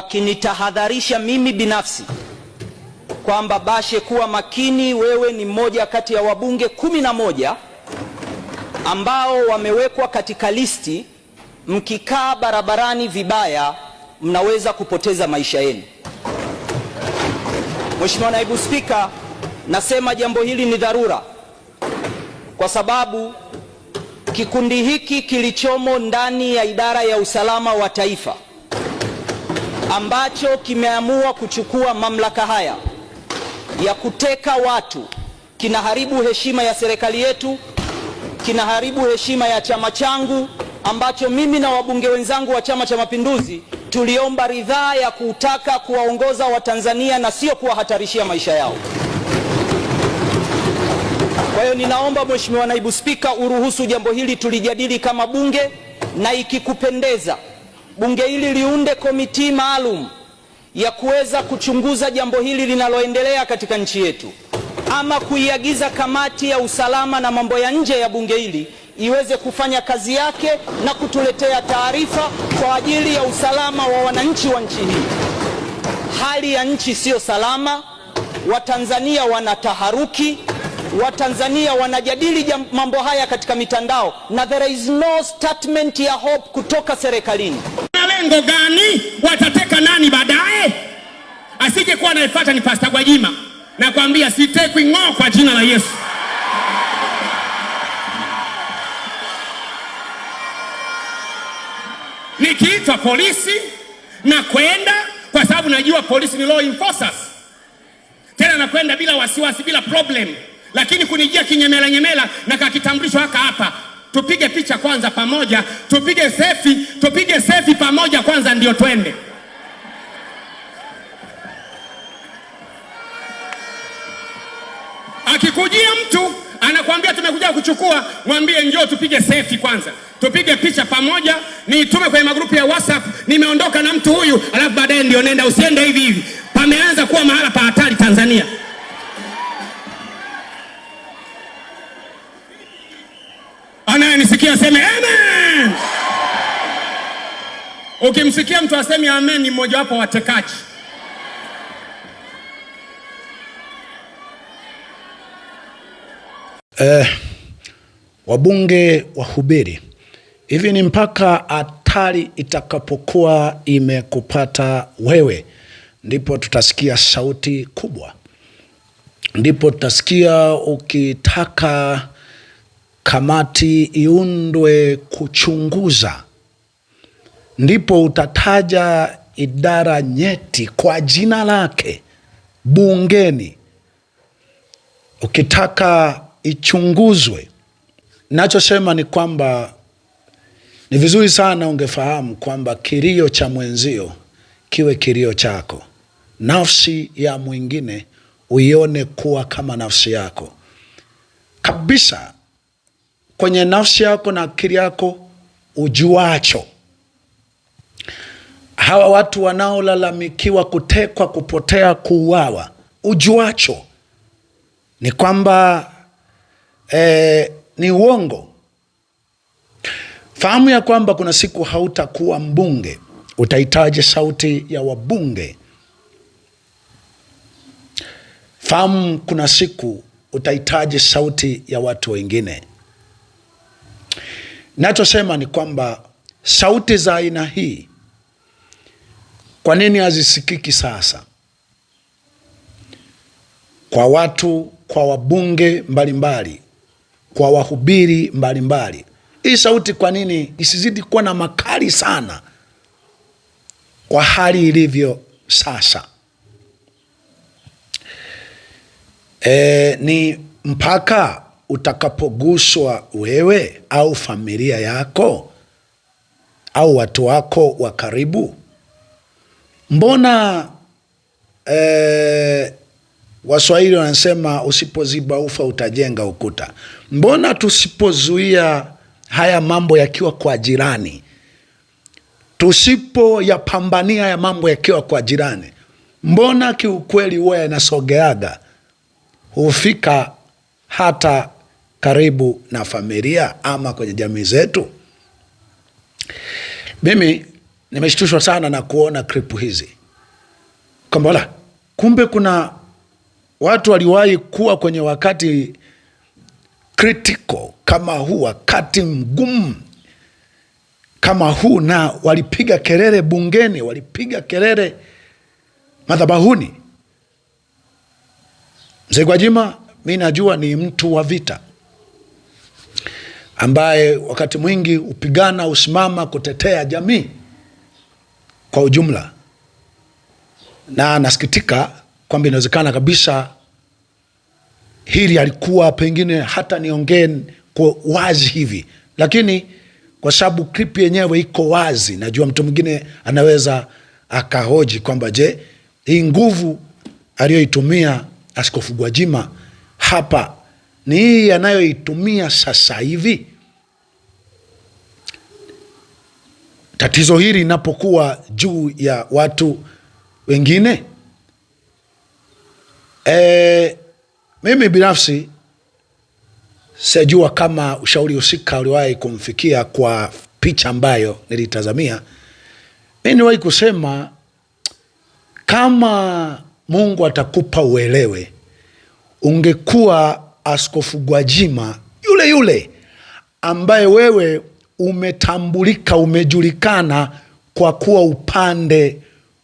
wakinitahadharisha mimi binafsi kwamba Bashe, kuwa makini, wewe ni mmoja kati ya wabunge kumi na moja ambao wamewekwa katika listi, mkikaa barabarani vibaya mnaweza kupoteza maisha yenu. Mheshimiwa Naibu Spika, nasema jambo hili ni dharura kwa sababu kikundi hiki kilichomo ndani ya idara ya usalama wa taifa ambacho kimeamua kuchukua mamlaka haya ya kuteka watu kinaharibu heshima ya serikali yetu, kinaharibu heshima ya chama changu ambacho mimi na wabunge wenzangu wa Chama cha Mapinduzi tuliomba ridhaa ya kutaka kuwaongoza Watanzania na sio kuwahatarishia maisha yao. Kwa hiyo ninaomba Mheshimiwa Naibu Spika, uruhusu jambo hili tulijadili kama bunge na ikikupendeza bunge hili liunde komiti maalum ya kuweza kuchunguza jambo hili linaloendelea katika nchi yetu, ama kuiagiza kamati ya usalama na mambo ya nje ya bunge hili iweze kufanya kazi yake na kutuletea taarifa kwa ajili ya usalama wa wananchi wa nchi hii. Hali ya nchi siyo salama, Watanzania wana taharuki, Watanzania wanajadili mambo haya katika mitandao na there is no statement ya hope kutoka serikalini mrengo gani, watateka nani baadaye. Asije kuwa anayefuata ni Pasta Gwajima. Nakwambia sitekwi ng'oo kwa jina la Yesu. Nikiitwa polisi na kwenda, kwa sababu najua polisi ni law enforcers, tena nakwenda bila wasiwasi, bila problem. Lakini kunijia nyemela na kakitambulisho haka hapa tupige picha kwanza pamoja, tupige sefi, tupige sefi pamoja kwanza, ndio twende. Akikujia mtu anakuambia tumekuja kuchukua, mwambie njoo tupige sefi kwanza, tupige picha pamoja, niitume kwenye magrupu ya WhatsApp, nimeondoka na mtu huyu, alafu baadaye ndio nenda. Usiende hivi hivi, pameanza kuwa mahala pa hatari Tanzania. aseme amen. Ukimsikia mtu asemi amen, ni mmojawapo watekaji. Eh, wabunge wahubiri hivi ni mpaka hatari itakapokuwa imekupata wewe, ndipo tutasikia sauti kubwa, ndipo tutasikia ukitaka kamati iundwe kuchunguza, ndipo utataja idara nyeti kwa jina lake bungeni ukitaka ichunguzwe. Nachosema ni kwamba ni vizuri sana ungefahamu kwamba kilio cha mwenzio kiwe kilio chako, nafsi ya mwingine uione kuwa kama nafsi yako kabisa kwenye nafsi yako na akili yako ujuacho. Hawa watu wanaolalamikiwa kutekwa, kupotea, kuuawa, ujuacho ni kwamba eh, ni uongo. Fahamu ya kwamba kuna siku hautakuwa mbunge, utahitaji sauti ya wabunge. Fahamu kuna siku utahitaji sauti ya watu wengine. Nachosema ni kwamba sauti za aina hii kwa nini hazisikiki sasa kwa watu, kwa wabunge mbalimbali mbali, kwa wahubiri mbalimbali? Hii sauti kwa nini isizidi kuwa na makali sana kwa hali ilivyo sasa? E, ni mpaka utakapoguswa wewe au familia yako au watu wako wa karibu? Mbona eh, Waswahili wanasema usipoziba ufa utajenga ukuta. Mbona tusipozuia haya mambo yakiwa kwa jirani, tusipoyapambania haya mambo yakiwa kwa jirani, mbona kiukweli huwa yanasogeaga hufika hata karibu na familia ama kwenye jamii zetu. Mimi nimeshtushwa sana na kuona klipu hizi kwamba la kumbe kuna watu waliwahi kuwa kwenye wakati kritiko kama huu, wakati mgumu kama huu, na walipiga kelele bungeni, walipiga kelele madhabahuni. Mzee Gwajima mi najua ni mtu wa vita, ambaye wakati mwingi hupigana, husimama kutetea jamii kwa ujumla, na nasikitika kwamba inawezekana kabisa hili alikuwa pengine hata niongee kwa wazi hivi, lakini kwa sababu clip yenyewe iko wazi, najua mtu mwingine anaweza akahoji kwamba je, hii nguvu aliyoitumia Askofu Gwajima hapa ni hii yanayoitumia sasa hivi. Tatizo hili linapokuwa juu ya watu wengine e, mimi binafsi sijua kama ushauri husika uliwahi kumfikia kwa picha ambayo nilitazamia. Mi niwahi kusema kama Mungu atakupa uelewe, ungekuwa Askofu Gwajima yule yule ambaye wewe umetambulika, umejulikana kwa kuwa upande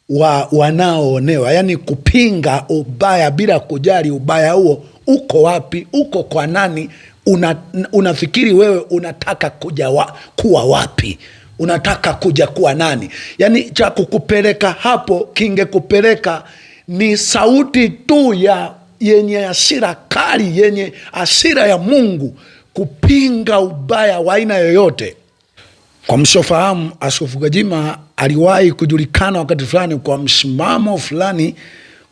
wa wanaoonewa, yaani kupinga ubaya bila kujali ubaya huo uko wapi, uko kwa nani, una, unafikiri wewe unataka kuja wa, kuwa wapi, unataka kuja kuwa nani? Yaani cha kukupeleka hapo kingekupeleka ni sauti tu ya yenye hasira kali, yenye hasira ya Mungu kupinga ubaya wa aina yoyote. Kwa msiofahamu, Askofu Gwajima aliwahi kujulikana wakati fulani kwa msimamo fulani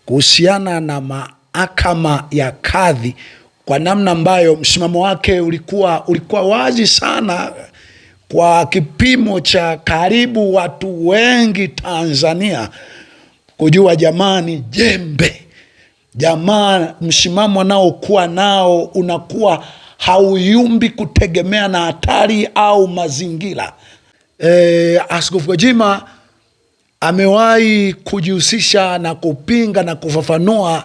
kuhusiana na mahakama ya kadhi, kwa namna ambayo msimamo wake ulikuwa ulikuwa wazi sana kwa kipimo cha karibu watu wengi Tanzania kujua, jamani, jembe Jamaa, mshimamo anaokuwa nao unakuwa hauyumbi kutegemea na hatari au mazingira. E, Askofu Gwajima amewahi kujihusisha na kupinga na kufafanua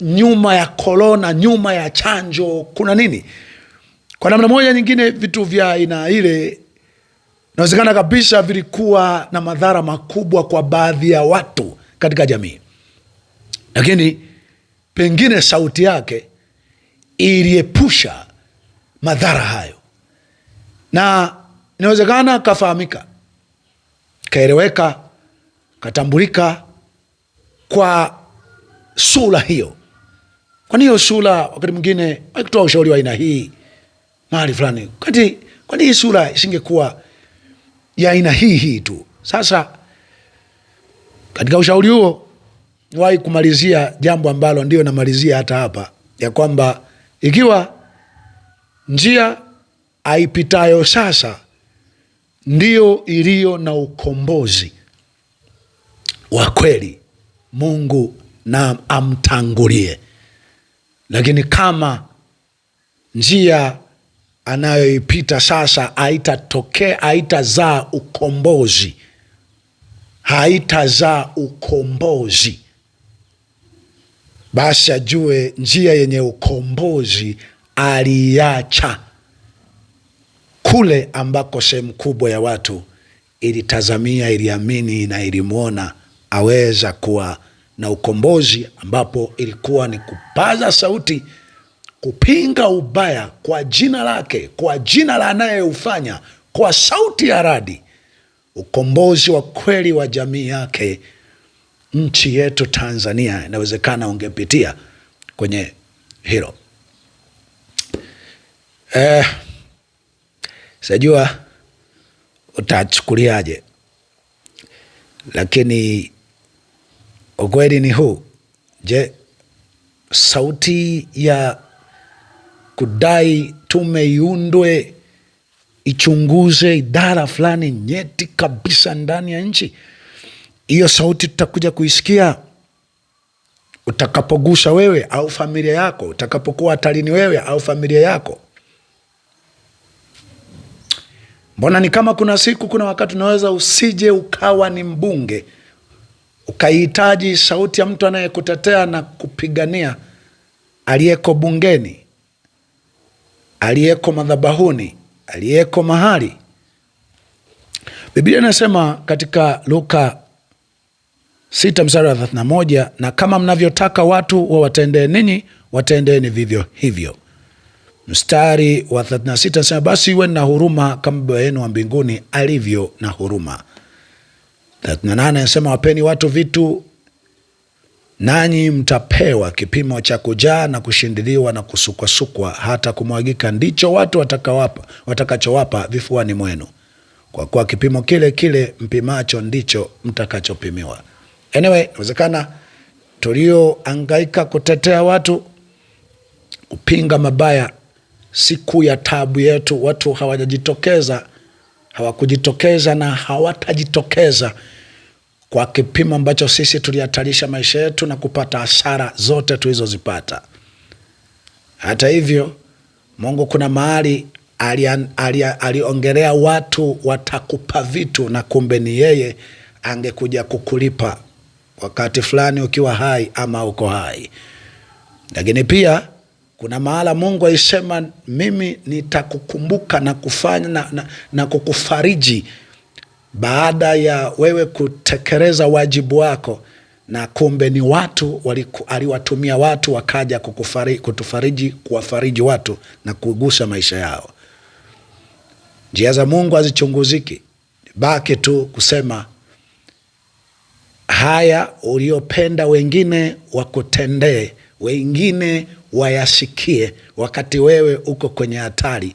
nyuma ya korona, nyuma ya chanjo kuna nini. Kwa namna moja nyingine, vitu vya aina ile inawezekana kabisa vilikuwa na madhara makubwa kwa baadhi ya watu katika jamii, lakini pengine sauti yake iliepusha madhara hayo, na inawezekana kafahamika, kaeleweka, katambulika kwa sura hiyo. Kwani hiyo sura wakati mwingine akitoa ushauri wa aina hii mahali fulani, kati kwani hii sura isingekuwa ya aina hii hii tu. Sasa katika ushauri huo niwahi kumalizia jambo ambalo ndio namalizia hata hapa, ya kwamba ikiwa njia aipitayo sasa ndiyo iliyo na ukombozi wa kweli, Mungu na amtangulie, lakini kama njia anayoipita sasa haitatokea, haitazaa ukombozi, haitazaa ukombozi basi ajue njia yenye ukombozi aliacha kule ambako sehemu kubwa ya watu ilitazamia, iliamini na ilimwona aweza kuwa na ukombozi, ambapo ilikuwa ni kupaza sauti kupinga ubaya kwa jina lake, kwa jina la anayeufanya, kwa sauti ya radi, ukombozi wa kweli wa jamii yake nchi yetu Tanzania, inawezekana ungepitia kwenye hilo eh. Sijua utachukuliaje, lakini ukweli ni huu. Je, sauti ya kudai tume iundwe ichunguze idara fulani nyeti kabisa ndani ya nchi hiyo sauti tutakuja kuisikia utakapogusa wewe au familia yako, utakapokuwa hatarini wewe au familia yako. Mbona ni kama kuna siku, kuna wakati unaweza usije ukawa ni mbunge, ukahitaji sauti ya mtu anayekutetea na kupigania, aliyeko bungeni, aliyeko madhabahuni, aliyeko mahali. Biblia inasema katika Luka sita mstari wa 31, na moja na kama mnavyotaka watu wa watendee ninyi, watendeeni vivyo hivyo. Mstari wa na sita nasema, basi iweni na huruma kama Baba yenu wa mbinguni alivyo na huruma. na nane nasema, wapeni watu vitu nanyi mtapewa, kipimo cha kujaa na kushindiliwa na kusukwasukwa hata kumwagika, ndicho watu watakawapa watakachowapa vifuani mwenu, kwa kuwa kipimo kile kile mpimacho ndicho mtakachopimiwa. Anyway, inawezekana tulioangaika kutetea watu, kupinga mabaya, siku ya tabu yetu watu hawajajitokeza, hawakujitokeza na hawatajitokeza kwa kipimo ambacho sisi tulihatarisha maisha yetu na kupata hasara zote tulizozipata. Hata hivyo, Mungu kuna mahali aliongelea watu watakupa vitu, na kumbe ni yeye angekuja kukulipa wakati fulani ukiwa hai ama uko hai. Lakini pia kuna mahala Mungu alisema mimi nitakukumbuka na kufanya na, na, na kukufariji baada ya wewe kutekeleza wajibu wako, na kumbe ni watu waliku, aliwatumia watu wakaja kukufari, kutufariji kuwafariji watu na kugusa maisha yao. Njia za Mungu hazichunguziki, baki tu kusema haya uliopenda wengine wakutendee, wengine wayasikie, wakati wewe uko kwenye hatari,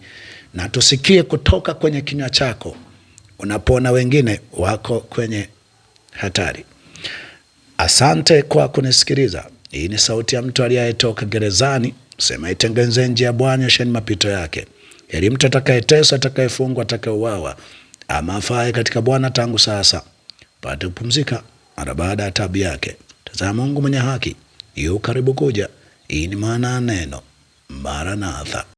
na tusikie kutoka kwenye kinywa chako unapoona wengine wako kwenye hatari. Asante kwa kunisikiliza. Hii ni sauti ya mtu aliyetoka gerezani. Sema itengenze njia ya Bwana, nyosheni mapito yake, ili mtu atakayeteswa, atakayefungwa, atakayeuawa ama afaye katika Bwana tangu sasa pate kupumzika mara baada ya tabu yake. Tazama, Mungu mwenye haki yu karibu kuja. Hii ni maana ya neno maranatha.